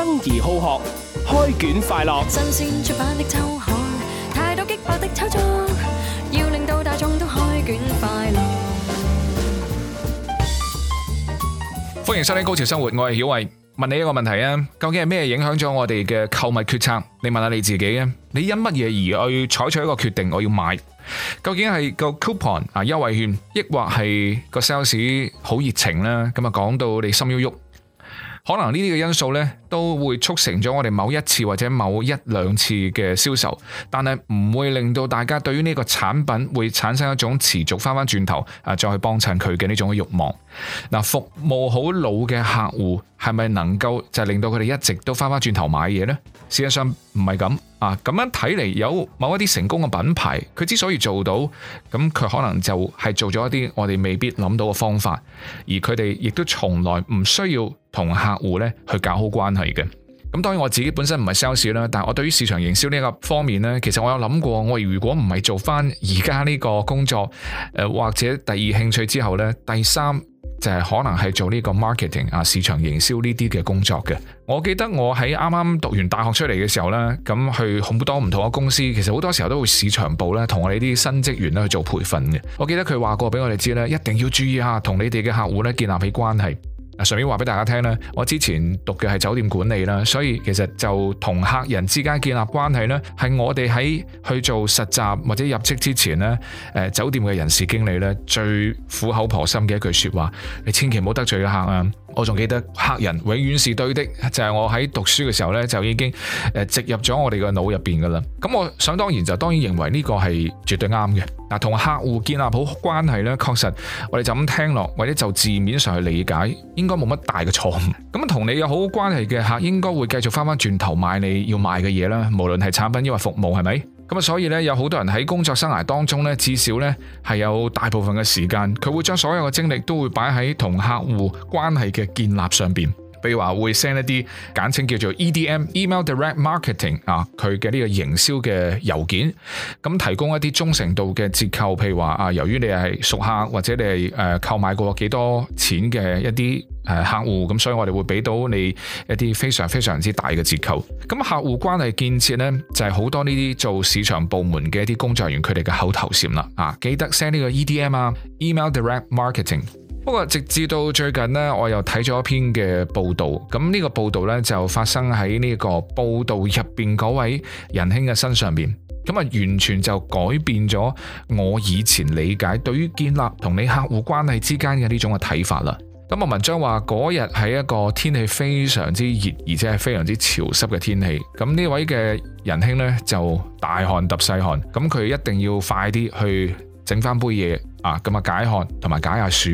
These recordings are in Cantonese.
生而好學，開卷快樂。新鮮出版的週刊，太多激爆的炒作，要令到大眾都開卷快樂。歡迎收聽《高潮生活》，我係曉偉。問你一個問題啊，究竟係咩影響咗我哋嘅購物決策？你問下你自己啊，你因乜嘢而去採取一個決定？我要買，究竟係個 coupon 啊優惠券，抑或係個 sales 好熱情啦？咁啊，講到你心喐喐，可能呢啲嘅因素呢。都會促成咗我哋某一次或者某一兩次嘅銷售，但係唔會令到大家對於呢個產品會產生一種持續翻翻轉頭啊再去幫襯佢嘅呢種慾望。嗱，服務好老嘅客戶係咪能夠就令到佢哋一直都翻翻轉頭買嘢呢？事實上唔係咁啊。咁樣睇嚟，有某一啲成功嘅品牌，佢之所以做到，咁佢可能就係做咗一啲我哋未必諗到嘅方法，而佢哋亦都從來唔需要同客戶咧去搞好關。係嘅，咁當然我自己本身唔係 sales 啦，但我對於市場營銷呢個方面呢，其實我有諗過，我如果唔係做翻而家呢個工作，誒或者第二興趣之後呢，第三就係可能係做呢個 marketing 啊，市場營銷呢啲嘅工作嘅。我記得我喺啱啱讀完大學出嚟嘅時候呢，咁去好多唔同嘅公司，其實好多時候都會市場部呢同我哋啲新職員咧去做培訓嘅。我記得佢話過俾我哋知呢，一定要注意下同你哋嘅客戶呢建立起關係。嗱，上面話俾大家聽咧，我之前讀嘅係酒店管理啦，所以其實就同客人之間建立關係呢，係我哋喺去做實習或者入職之前呢，誒、呃、酒店嘅人事經理呢最苦口婆心嘅一句説話，你千祈唔好得罪嘅客啊！我仲記得客人永遠是對的，就係、是、我喺讀書嘅時候呢，就已經植入咗我哋個腦入邊噶啦。咁我想當然就當然認為呢個係絕對啱嘅。嗱，同客戶建立好關係咧，確實我哋就咁聽落，或者就字面上去理解，應該冇乜大嘅錯誤。咁同你有好好關係嘅客，應該會繼續翻翻轉頭買你要賣嘅嘢啦，無論係產品抑或服務，係咪？咁啊，所以呢，有好多人喺工作生涯當中咧，至少呢係有大部分嘅時間，佢會將所有嘅精力都會擺喺同客戶關係嘅建立上邊。譬如話會 send 一啲簡稱叫做 EDM（Email Direct Marketing） 啊，佢嘅呢個營銷嘅郵件，咁、啊、提供一啲忠誠度嘅折扣，譬如話啊，由於你係熟客或者你係誒購買過幾多錢嘅一啲誒客戶，咁、啊、所以我哋會俾到你一啲非常非常之大嘅折扣。咁、啊、客戶關係建設呢，就係、是、好多呢啲做市場部門嘅一啲工作人員佢哋嘅口頭禪啦，啊，記得 send 呢個 EDM 啊，Email Direct Marketing。不過，直至到最近呢，我又睇咗一篇嘅報道。咁呢個報道呢，就發生喺呢個報道入邊嗰位仁兄嘅身上邊。咁啊，完全就改變咗我以前理解對於建立同你客戶關係之間嘅呢種嘅睇法啦。咁啊，文章話嗰日係一個天氣非常之熱，而且係非常之潮濕嘅天氣。咁呢位嘅仁兄呢，就大汗揼細汗。咁佢一定要快啲去整翻杯嘢。啊，咁啊解汗同埋解下暑，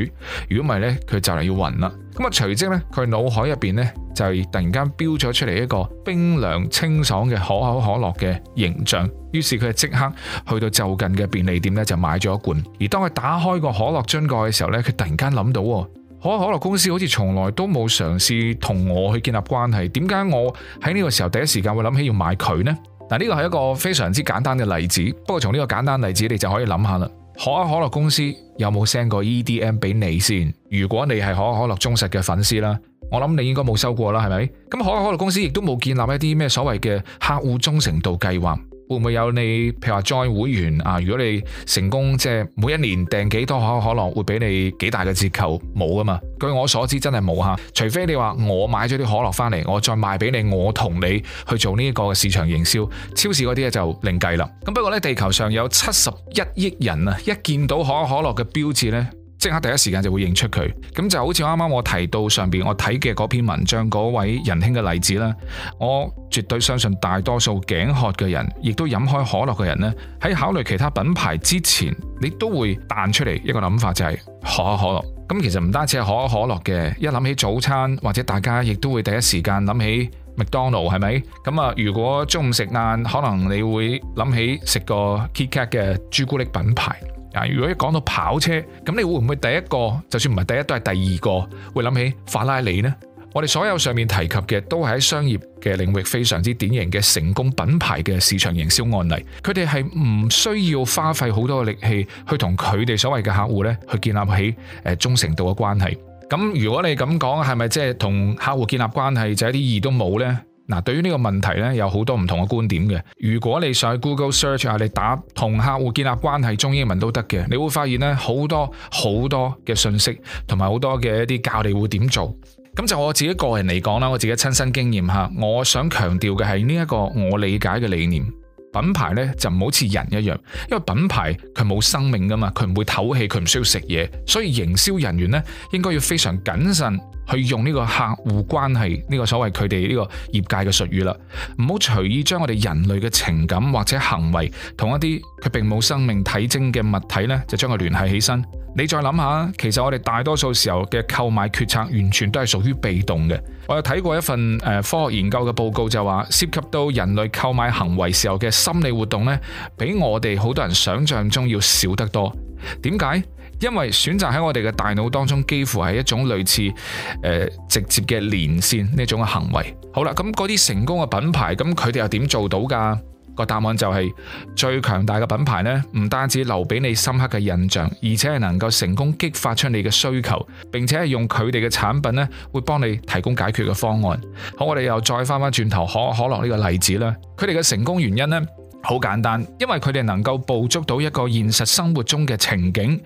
如果唔係呢，佢就嚟要暈啦。咁啊，隨即呢，佢腦海入邊呢，就係突然間標咗出嚟一個冰涼清爽嘅可口可樂嘅形象。於是佢就即刻去到就近嘅便利店呢，就買咗一罐。而當佢打開個可樂樽蓋嘅時候呢，佢突然間諗到，可口可樂公司好似從來都冇嘗試同我去建立關係。點解我喺呢個時候第一時間會諗起要買佢呢？嗱，呢個係一個非常之簡單嘅例子。不過從呢個簡單例子，你就可以諗下啦。可口可樂公司有冇 send 個 EDM 俾你先？如果你係可口可樂忠實嘅粉絲啦，我諗你應該冇收過啦，係咪？咁可口可樂公司亦都冇建立一啲咩所謂嘅客戶忠誠度計劃。會唔會有你？譬如話 join 會員啊，如果你成功即係每一年訂幾多可口可樂，會俾你幾大嘅折扣？冇㗎嘛，據我所知真係冇吓，除非你話我買咗啲可樂翻嚟，我再賣俾你，我同你去做呢個市場營銷，超市嗰啲咧就另計啦。咁不過咧，地球上有七十一億人啊，一見到可口可樂嘅標誌咧，即刻第一時間就會認出佢，咁就好似啱啱我提到上邊我睇嘅嗰篇文章嗰位仁兄嘅例子啦。我絕對相信大多數頸渴嘅人，亦都飲開可樂嘅人呢，喺考慮其他品牌之前，你都會彈出嚟一個諗法，就係，就係可口可樂。咁其實唔單止係可口可樂嘅，一諗起早餐或者大家亦都會第一時間諗起麥當勞，係咪？咁啊，如果中午食晏，可能你會諗起食個 KitKat 嘅朱古力品牌。嗱，如果一講到跑車，咁你會唔會第一個就算唔係第一都係第二個會諗起法拉利呢？我哋所有上面提及嘅都係喺商業嘅領域非常之典型嘅成功品牌嘅市場營銷案例，佢哋係唔需要花費好多嘅力氣去同佢哋所謂嘅客戶呢去建立起誒忠誠度嘅關係。咁如果你咁講，係咪即係同客戶建立關係就一啲意義都冇呢？嗱、啊，對於呢個問題呢，有好多唔同嘅觀點嘅。如果你上去 Google Search 啊，你打同客戶建立關係，中英文都得嘅。你會發現呢好多好多嘅信息，同埋好多嘅一啲教你會點做。咁就我自己個人嚟講啦，我自己親身經驗吓，我想強調嘅係呢一個我理解嘅理念。品牌呢就唔好似人一樣，因為品牌佢冇生命噶嘛，佢唔會唞氣，佢唔需要食嘢，所以營銷人員呢應該要非常謹慎。去用呢個客戶關係呢個所謂佢哋呢個業界嘅術語啦，唔好隨意將我哋人類嘅情感或者行為同一啲佢並冇生命體徵嘅物體呢，就將佢聯繫起身。你再諗下，其實我哋大多數時候嘅購買決策完全都係屬於被動嘅。我有睇過一份誒、呃、科學研究嘅報告就話，涉及到人類購買行為時候嘅心理活動呢，比我哋好多人想象中要少得多。點解？因為選擇喺我哋嘅大腦當中，幾乎係一種類似誒、呃、直接嘅連線呢種嘅行為。好啦，咁嗰啲成功嘅品牌，咁佢哋又點做到噶？個答案就係、是、最強大嘅品牌呢，唔單止留俾你深刻嘅印象，而且係能夠成功激發出你嘅需求，並且係用佢哋嘅產品呢會幫你提供解決嘅方案。好，我哋又再返返轉頭可可樂呢個例子啦，佢哋嘅成功原因呢。好簡單，因為佢哋能夠捕捉到一個現實生活中嘅情景。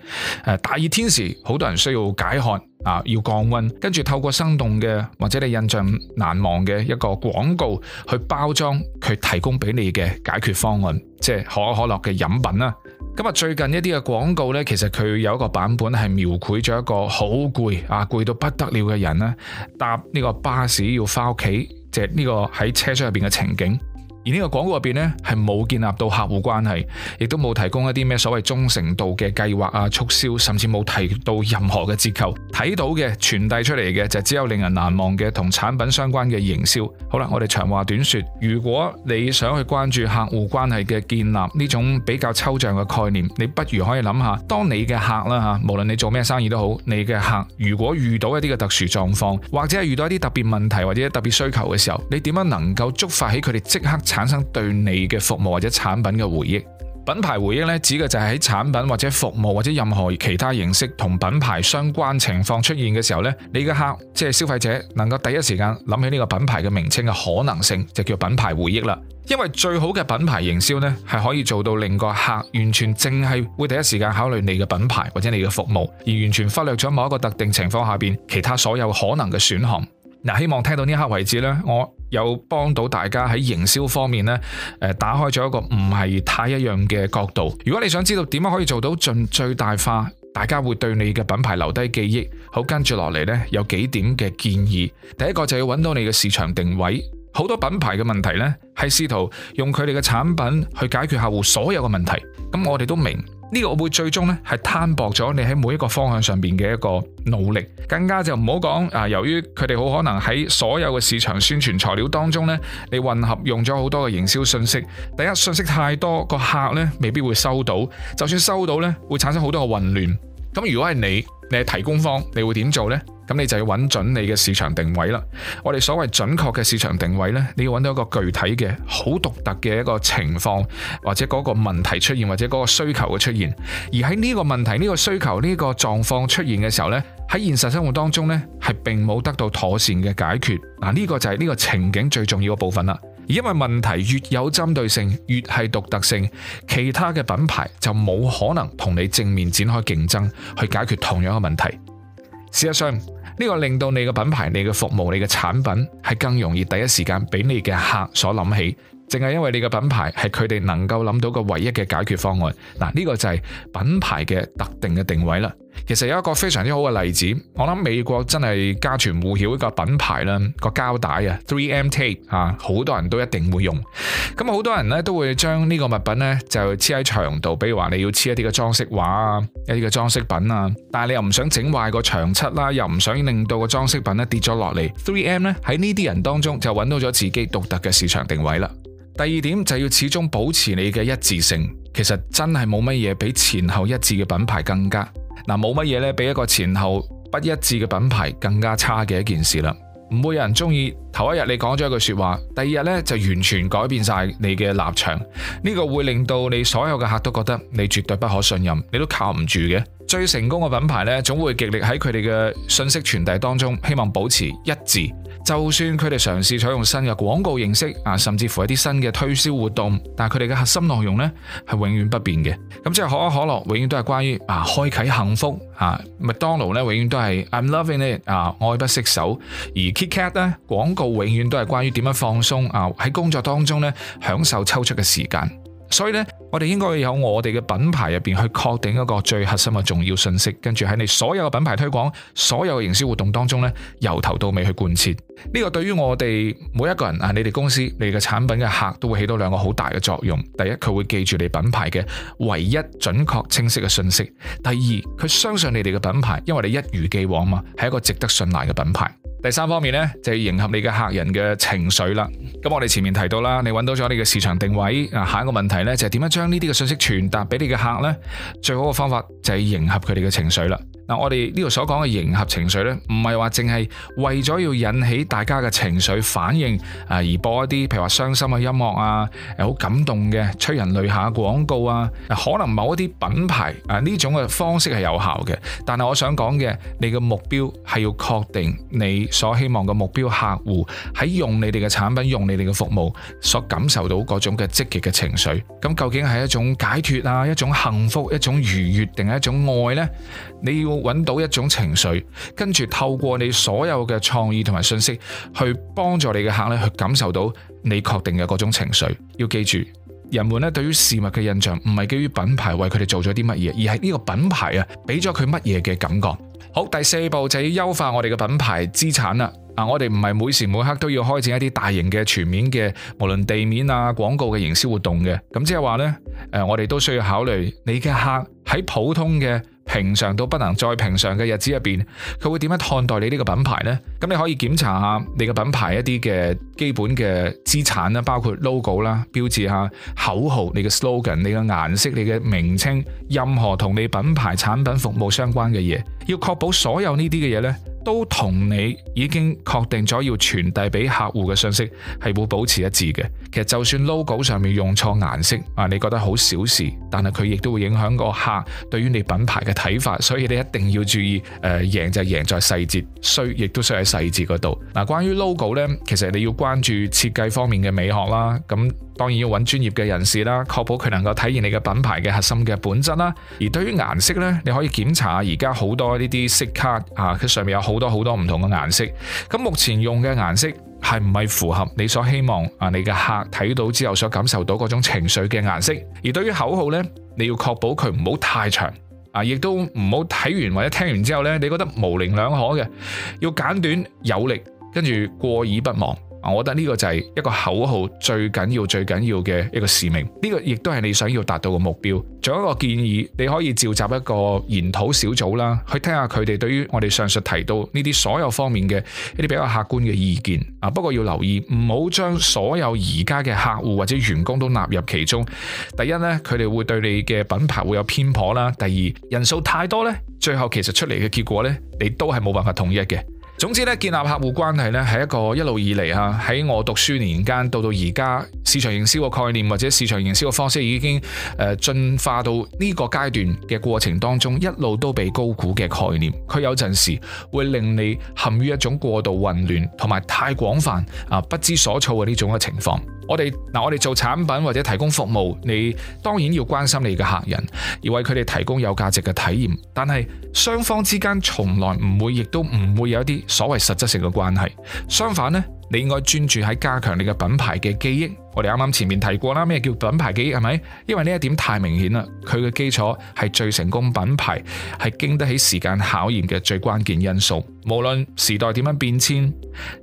大熱天時，好多人需要解渴啊，要降溫。跟住透過生動嘅或者你印象難忘嘅一個廣告去包裝佢提供俾你嘅解決方案，即係可口可樂嘅飲品啦。咁啊，最近一啲嘅廣告呢，其實佢有一個版本係描繪咗一個好攰啊，攰到不得了嘅人啦，搭呢個巴士要返屋企，即係呢個喺車廂入邊嘅情景。而呢個廣告入邊呢，係冇建立到客戶關係，亦都冇提供一啲咩所謂忠誠度嘅計劃啊、促銷，甚至冇提到任何嘅折扣。睇到嘅傳遞出嚟嘅就只有令人難忘嘅同產品相關嘅營銷。好啦，我哋長話短說，如果你想去關注客戶關係嘅建立呢種比較抽象嘅概念，你不如可以諗下，當你嘅客啦吓，無論你做咩生意都好，你嘅客如果遇到一啲嘅特殊狀況，或者係遇到一啲特別問題或者特別需求嘅時候，你點樣能夠觸發起佢哋即刻產生對你嘅服務或者產品嘅回憶。品牌回憶咧，指嘅就係喺產品或者服務或者任何其他形式同品牌相關情況出現嘅時候咧，你嘅客即係、就是、消費者能夠第一時間諗起呢個品牌嘅名稱嘅可能性，就叫品牌回憶啦。因為最好嘅品牌營銷咧，係可以做到令個客完全淨係會第一時間考慮你嘅品牌或者你嘅服務，而完全忽略咗某一個特定情況下邊其他所有可能嘅選項。嗱，希望聽到呢刻為止咧，我。有幫到大家喺營銷方面咧，誒打開咗一個唔係太一樣嘅角度。如果你想知道點樣可以做到盡最大化，大家會對你嘅品牌留低記憶，好，跟住落嚟呢，有幾點嘅建議。第一個就要揾到你嘅市場定位。好多品牌嘅問題呢，係試圖用佢哋嘅產品去解決客戶所有嘅問題。咁我哋都明。呢個會最終咧係攤薄咗你喺每一個方向上邊嘅一個努力，更加就唔好講啊！由於佢哋好可能喺所有嘅市場宣傳材料當中咧，你混合用咗好多嘅營銷信息，第一信息太多，個客咧未必會收到，就算收到咧，會產生好多嘅混亂。咁如果係你，你係提供方，你會點做呢？咁你就要揾準你嘅市場定位啦。我哋所謂準確嘅市場定位呢，你要揾到一個具體嘅、好獨特嘅一個情況，或者嗰個問題出現，或者嗰個需求嘅出現。而喺呢個問題、呢個需求、呢個狀況出現嘅時候呢，喺現實生活當中呢，係並冇得到妥善嘅解決。嗱，呢個就係呢個情景最重要嘅部分啦。而因為問題越有針對性、越係獨特性，其他嘅品牌就冇可能同你正面展開競爭去解決同樣嘅問題。事實上，呢個令到你嘅品牌、你嘅服務、你嘅產品係更容易第一時間畀你嘅客所諗起。正係因為你嘅品牌係佢哋能夠諗到個唯一嘅解決方案，嗱，呢個就係品牌嘅特定嘅定位啦。其實有一個非常之好嘅例子，我諗美國真係家傳戶曉一個品牌啦，個膠帶啊，Three M Tape 啊，好多人都一定會用。咁好多人呢都會將呢個物品呢就黐喺牆度，比如話你要黐一啲嘅裝飾畫啊，一啲嘅裝飾品啊，但係你又唔想整壞個牆漆啦，又唔想令到個裝飾品咧跌咗落嚟，Three M 呢喺呢啲人當中就揾到咗自己獨特嘅市場定位啦。第二點就要始終保持你嘅一致性，其實真係冇乜嘢比前後一致嘅品牌更加。嗱，冇乜嘢比一個前後不一致嘅品牌更加差嘅一件事啦，唔會有人鍾意。頭一日你講咗一句說話，第二日咧就完全改變晒你嘅立場，呢個會令到你所有嘅客都覺得你絕對不可信任，你都靠唔住嘅。最成功嘅品牌咧，總會極力喺佢哋嘅信息傳遞當中，希望保持一致。就算佢哋嘗試採用新嘅廣告形式啊，甚至乎一啲新嘅推銷活動，但係佢哋嘅核心內容呢，係永遠不變嘅。咁即係可口可樂永遠都係關於啊開啟幸福，啊麥當勞咧永遠都係 I’m loving it 啊愛不釋手，而 KitKat 咧廣。個永遠都係關於點樣放鬆啊！喺工作當中呢，享受抽出嘅時間。所以呢，我哋應該有我哋嘅品牌入邊去確定一個最核心嘅重要信息，跟住喺你所有嘅品牌推廣、所有嘅營銷活動當中呢，由頭到尾去貫徹。呢個對於我哋每一個人啊，你哋公司、你哋嘅產品嘅客都會起到兩個好大嘅作用。第一，佢會記住你品牌嘅唯一準確清晰嘅信息；第二，佢相信你哋嘅品牌，因為你一如既往嘛，係一個值得信賴嘅品牌。第三方面呢，就係迎合你嘅客人嘅情緒啦。咁我哋前面提到啦，你揾到咗你嘅市場定位，啊下一個問題呢，就係點樣將呢啲嘅信息傳達俾你嘅客呢？最好嘅方法就係迎合佢哋嘅情緒啦。嗱，我哋呢度所講嘅迎合情緒呢，唔係話淨係為咗要引起大家嘅情緒反應。啊而播一啲譬如話傷心嘅音樂啊，好感動嘅催人淚下嘅廣告啊，可能某一啲品牌啊呢種嘅方式係有效嘅。但係我想講嘅，你嘅目標係要確定你所希望嘅目標客戶喺用你哋嘅產品、用你哋嘅服務所感受到嗰種嘅積極嘅情緒。咁究竟係一種解脫啊、一種幸福、一種愉悅定係一種愛呢？你要搵到一種情緒，跟住透過你所有嘅創意同埋信息，去幫助你嘅客咧，去感受到你確定嘅嗰種情緒。要記住，人們咧，對於事物嘅印象唔係基於品牌為佢哋做咗啲乜嘢，而係呢個品牌啊俾咗佢乜嘢嘅感覺。好，第四步就要優化我哋嘅品牌資產啦。啊，我哋唔係每時每刻都要開展一啲大型嘅全面嘅、無論地面啊廣告嘅營銷活動嘅。咁即係話呢，誒、啊，我哋都需要考慮你嘅客喺普通嘅。平常到不能再平常嘅日子入邊，佢會點樣看待你呢個品牌呢？咁你可以檢查下你嘅品牌一啲嘅基本嘅資產啦，包括 logo 啦、標誌下、口號、你嘅 slogan、你嘅顏色、你嘅名稱，任何同你品牌產品服務相關嘅嘢，要確保所有呢啲嘅嘢呢。都同你已經確定咗要傳遞俾客戶嘅信息係會保持一致嘅。其實就算 logo 上面用錯顏色啊，你覺得好小事，但係佢亦都會影響嗰個客對於你品牌嘅睇法。所以你一定要注意，誒、呃，贏就贏在細節，衰亦都衰喺細節嗰度。嗱，關於 logo 呢，其實你要關注設計方面嘅美學啦。咁當然要揾專業嘅人士啦，確保佢能夠體現你嘅品牌嘅核心嘅本質啦。而對於顏色呢，你可以檢查下而家好多呢啲色卡啊，佢上面有好多好多唔同嘅顏色。咁、啊、目前用嘅顏色係唔係符合你所希望啊？你嘅客睇到之後所感受到嗰種情緒嘅顏色。而對於口號呢，你要確保佢唔好太長啊，亦都唔好睇完或者聽完之後呢，你覺得模棱兩可嘅，要簡短有力，跟住過耳不忘。我覺得呢個就係一個口號最緊要、最緊要嘅一個使命。呢個亦都係你想要達到嘅目標。仲有一個建議，你可以召集一個研討小組啦，去聽下佢哋對於我哋上述提到呢啲所有方面嘅一啲比較客觀嘅意見。啊，不過要留意唔好將所有而家嘅客戶或者員工都納入其中。第一，呢佢哋會對你嘅品牌會有偏頗啦。第二，人數太多呢，最後其實出嚟嘅結果呢，你都係冇辦法統一嘅。總之咧，建立客戶關係咧，係一個一路以嚟吓，喺我讀書年間到到而家，市場營銷個概念或者市場營銷個方式已經誒進化到呢個階段嘅過程當中，一路都被高估嘅概念，佢有陣時會令你陷於一種過度混亂同埋太廣泛啊，不知所措嘅呢種嘅情況。我哋做產品或者提供服務，你當然要關心你嘅客人，而為佢哋提供有價值嘅體驗。但係雙方之間從來唔會，亦都唔會有一啲所謂實質性嘅關係。相反呢。你應該專注喺加強你嘅品牌嘅記憶。我哋啱啱前面提過啦，咩叫品牌記憶？係咪？因為呢一點太明顯啦，佢嘅基礎係最成功品牌，係經得起時間考驗嘅最關鍵因素。無論時代點樣變遷，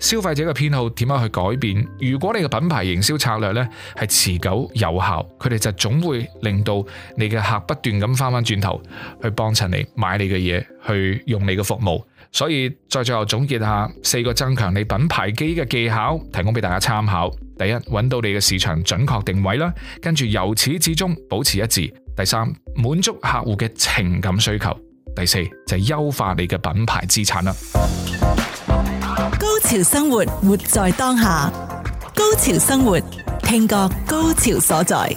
消費者嘅偏好點樣去改變，如果你嘅品牌營銷策略呢係持久有效，佢哋就總會令到你嘅客不斷咁翻翻轉頭，去幫襯你，買你嘅嘢，去用你嘅服務。所以再最後總結下四個增強你品牌機嘅技巧，提供俾大家參考。第一，揾到你嘅市場準確定位啦，跟住由始至終保持一致。第三，滿足客戶嘅情感需求。第四，就係優化你嘅品牌資產啦。高潮生活，活在當下。高潮生活，聽覺高潮所在。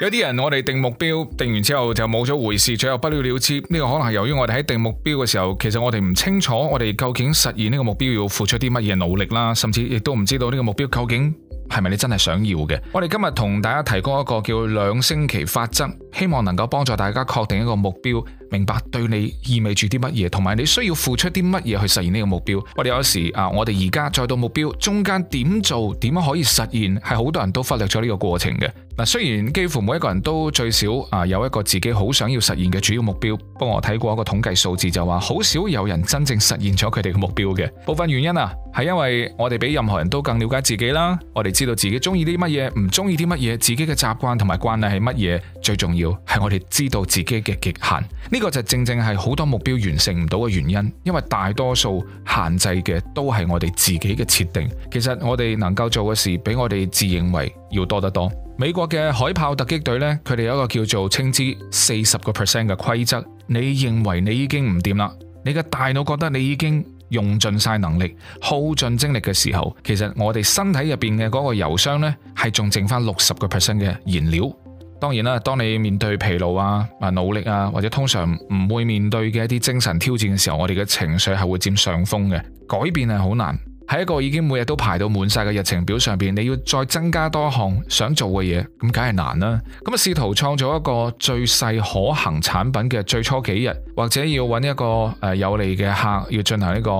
有啲人，我哋定目標，定完之後就冇咗回事，最後不了了之。呢個可能係由於我哋喺定目標嘅時候，其實我哋唔清楚，我哋究竟實現呢個目標要付出啲乜嘢努力啦，甚至亦都唔知道呢個目標究竟係咪你真係想要嘅。我哋今日同大家提供一個叫兩星期法則，希望能夠幫助大家確定一個目標。明白對你意味住啲乜嘢，同埋你需要付出啲乜嘢去實現呢個目標。我哋有時啊，我哋而家再到目標中間點做，點樣可以實現，係好多人都忽略咗呢個過程嘅。嗱，雖然幾乎每一個人都最少啊有一個自己好想要實現嘅主要目標，不過我睇過一個統計數字就話，好少有人真正實現咗佢哋嘅目標嘅。部分原因啊，係因為我哋比任何人都更了解自己啦，我哋知道自己中意啲乜嘢，唔中意啲乜嘢，自己嘅習慣同埋慣例係乜嘢。最重要係我哋知道自己嘅極限。呢個就是正正係好多目標完成唔到嘅原因，因為大多數限制嘅都係我哋自己嘅設定。其實我哋能夠做嘅事，比我哋自認為要多得多。美國嘅海豹突擊隊呢，佢哋有一個叫做稱之四十個 percent 嘅規則。你認為你已經唔掂啦，你嘅大腦覺得你已經用盡晒能力、耗盡精力嘅時候，其實我哋身體入邊嘅嗰個油箱呢，係仲剩翻六十個 percent 嘅燃料。當然啦，當你面對疲勞啊、啊努力啊，或者通常唔會面對嘅一啲精神挑戰嘅時候，我哋嘅情緒係會佔上風嘅，改變係好難。喺一個已經每日都排到滿晒嘅日程表上邊，你要再增加多項想做嘅嘢，咁梗係難啦。咁啊，試圖創造一個最細可行產品嘅最初幾日，或者要搵一個誒有利嘅客，要進、這個，要進行呢個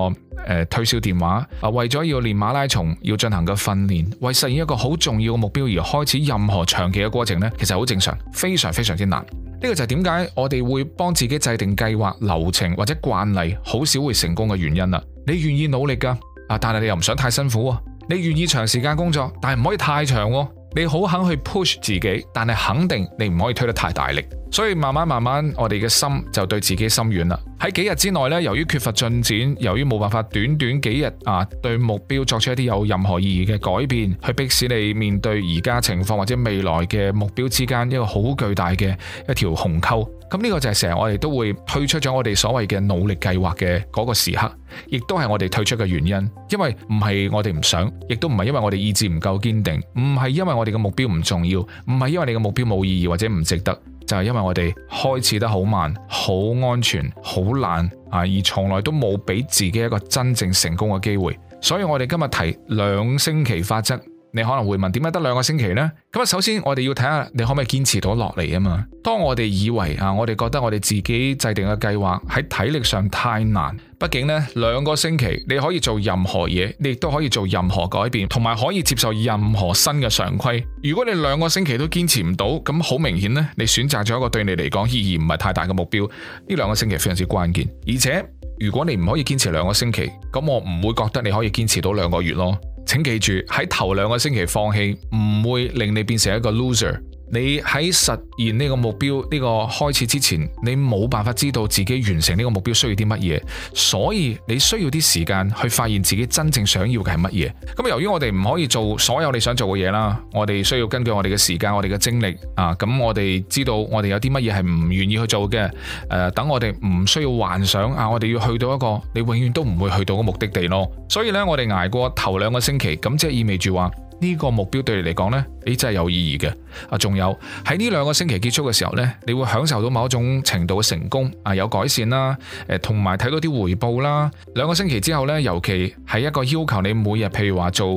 誒推銷電話啊，為咗要練馬拉松，要進行嘅訓練，為實現一個好重要嘅目標而開始任何長期嘅過程呢，其實好正常，非常非常之難。呢個就係點解我哋會幫自己制定計劃、流程或者慣例，好少會成功嘅原因啦。你願意努力噶？啊！但係你又唔想太辛苦，啊，你願意長時間工作，但係唔可以太長，啊。你好肯去 push 自己，但係肯定你唔可以推得太大力。所以慢慢慢慢，我哋嘅心就對自己心軟啦。喺幾日之內咧，由於缺乏進展，由於冇辦法短短幾日啊，對目標作出一啲有任何意義嘅改變，去迫使你面對而家情況或者未來嘅目標之間一個好巨大嘅一條鴻溝。咁呢個就係成日我哋都會推出咗我哋所謂嘅努力計劃嘅嗰個時刻，亦都係我哋退出嘅原因。因為唔係我哋唔想，亦都唔係因為我哋意志唔夠堅定，唔係因為我哋嘅目標唔重要，唔係因為你嘅目標冇意義或者唔值得，就係因為我哋開始得好慢、好安全、好懶啊，而從來都冇俾自己一個真正成功嘅機會。所以我哋今日提兩星期法則。你可能會問點解得兩個星期呢？咁啊，首先我哋要睇下你可唔可以堅持到落嚟啊嘛。當我哋以為啊，我哋覺得我哋自己制定嘅計劃喺體力上太難。畢竟呢兩個星期你可以做任何嘢，你亦都可以做任何改變，同埋可以接受任何新嘅常規。如果你兩個星期都堅持唔到，咁好明顯呢，你選擇咗一個對你嚟講意義唔係太大嘅目標。呢兩個星期非常之關鍵，而且如果你唔可以堅持兩個星期，咁我唔會覺得你可以堅持到兩個月咯。請記住，喺頭兩個星期放棄，唔會令你變成一個 loser。你喺實現呢個目標呢個開始之前，你冇辦法知道自己完成呢個目標需要啲乜嘢，所以你需要啲時間去發現自己真正想要嘅係乜嘢。咁由於我哋唔可以做所有你想做嘅嘢啦，我哋需要根據我哋嘅時間、我哋嘅精力啊，咁我哋知道我哋有啲乜嘢係唔願意去做嘅。誒、啊，等我哋唔需要幻想啊，我哋要去到一個你永遠都唔會去到嘅目的地咯。所以呢，我哋捱過頭兩個星期，咁即係意味住話。呢個目標對你嚟講呢，你真係有意義嘅。啊，仲有喺呢兩個星期結束嘅時候呢，你會享受到某一種程度嘅成功啊，有改善啦，誒，同埋睇到啲回報啦。兩個星期之後呢，尤其係一個要求你每日，譬如話做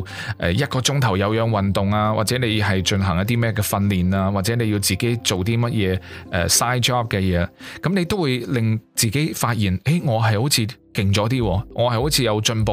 一個鐘頭有氧運動啊，或者你係進行一啲咩嘅訓練啊，或者你要自己做啲乜嘢誒 side job 嘅嘢，咁你都會令自己發現，誒，我係好似。勁咗啲，我係好似有進步，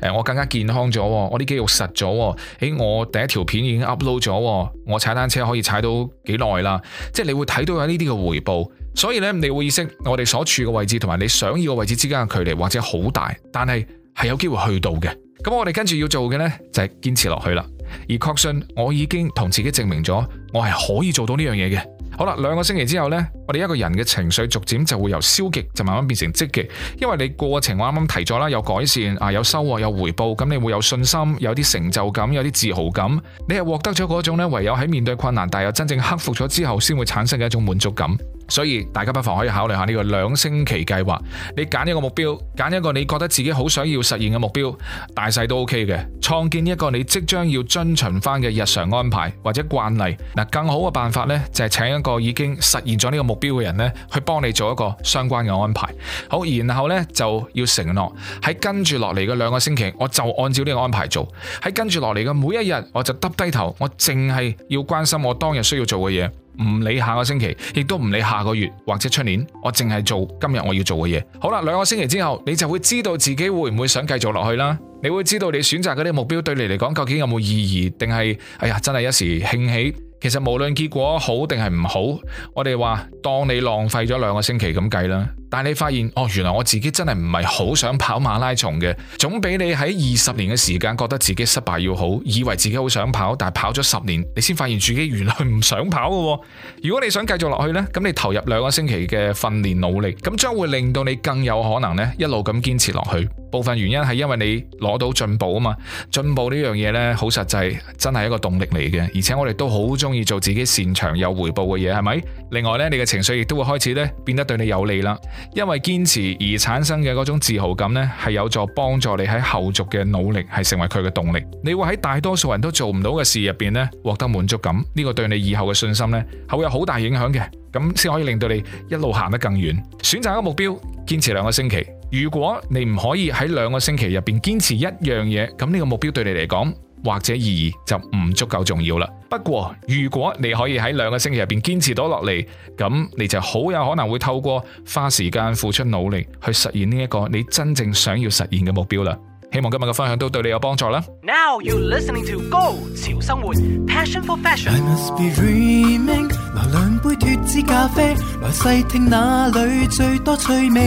誒，我更加健康咗，我啲肌肉實咗，誒，我第一條片已經 upload 咗，我踩單車可以踩到幾耐啦，即係你會睇到有呢啲嘅回報，所以咧你會意識我哋所處嘅位置同埋你想要嘅位置之間嘅距離或者好大，但係係有機會去到嘅，咁我哋跟住要做嘅呢，就係堅持落去啦，而確信我已經同自己證明咗，我係可以做到呢樣嘢嘅。好啦，兩個星期之後呢，我哋一個人嘅情緒逐漸就會由消極就慢慢變成積極，因為你過程我啱啱提咗啦，有改善啊，有收穫，有回報，咁你會有信心，有啲成就感，有啲自豪感，你係獲得咗嗰種呢，唯有喺面對困難，但又真正克服咗之後，先會產生嘅一種滿足感。所以大家不妨可以考慮下呢個兩星期計劃。你揀一個目標，揀一個你覺得自己好想要實現嘅目標，大細都 OK 嘅。創建一個你即將要遵循翻嘅日常安排或者慣例。嗱，更好嘅辦法呢，就係請一個已經實現咗呢個目標嘅人呢，去幫你做一個相關嘅安排。好，然後呢，就要承諾喺跟住落嚟嘅兩個星期，我就按照呢個安排做。喺跟住落嚟嘅每一日，我就耷低頭，我淨係要關心我當日需要做嘅嘢。唔理下個星期，亦都唔理下個月或者出年，我淨係做今日我要做嘅嘢。好啦，兩個星期之後，你就會知道自己會唔會想繼續落去啦。你會知道你選擇嗰啲目標對你嚟講究竟有冇意義，定係哎呀真係一時興起。其實無論結果好定係唔好，我哋話當你浪費咗兩個星期咁計啦，但係你發現哦，原來我自己真係唔係好想跑馬拉松嘅，總比你喺二十年嘅時間覺得自己失敗要好。以為自己好想跑，但係跑咗十年，你先發現自己原來唔想跑噶，哦。如果你想繼續落去呢，咁你投入兩個星期嘅訓練努力，咁將會令到你更有可能呢一路咁堅持落去。部分原因係因為你攞到進步啊嘛，進步呢樣嘢呢，好實際，真係一個動力嚟嘅。而且我哋都好中意做自己擅長有回報嘅嘢，係咪？另外呢，你嘅情緒亦都會開始呢變得對你有利啦，因為堅持而產生嘅嗰種自豪感呢，係有助幫助你喺後續嘅努力係成為佢嘅動力。你會喺大多數人都做唔到嘅事入邊呢，獲得滿足感，呢個對你以後嘅信心呢，係會有好大影響嘅。咁先可以令到你一路行得更遠。選擇一個目標，堅持兩個星期。如果你唔可以喺兩個星期入邊堅持一樣嘢，咁呢個目標對你嚟講，或者意義就唔足夠重要啦。不過，如果你可以喺兩個星期入邊堅持到落嚟，咁你就好有可能會透過花時間付出努力去實現呢一個你真正想要實現嘅目標啦。希望今日嘅分享都對你有幫助啦。Now you listening to 高潮生活，Passion for fashion。I must be dreaming。拿兩杯脫脂咖啡，來細聽哪裏最多趣味。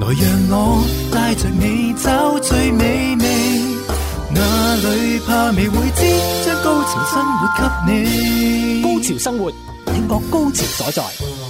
來讓我帶着你找最美味，哪裏怕未會知，將高潮生活給你。高潮生活，聽過高潮所在。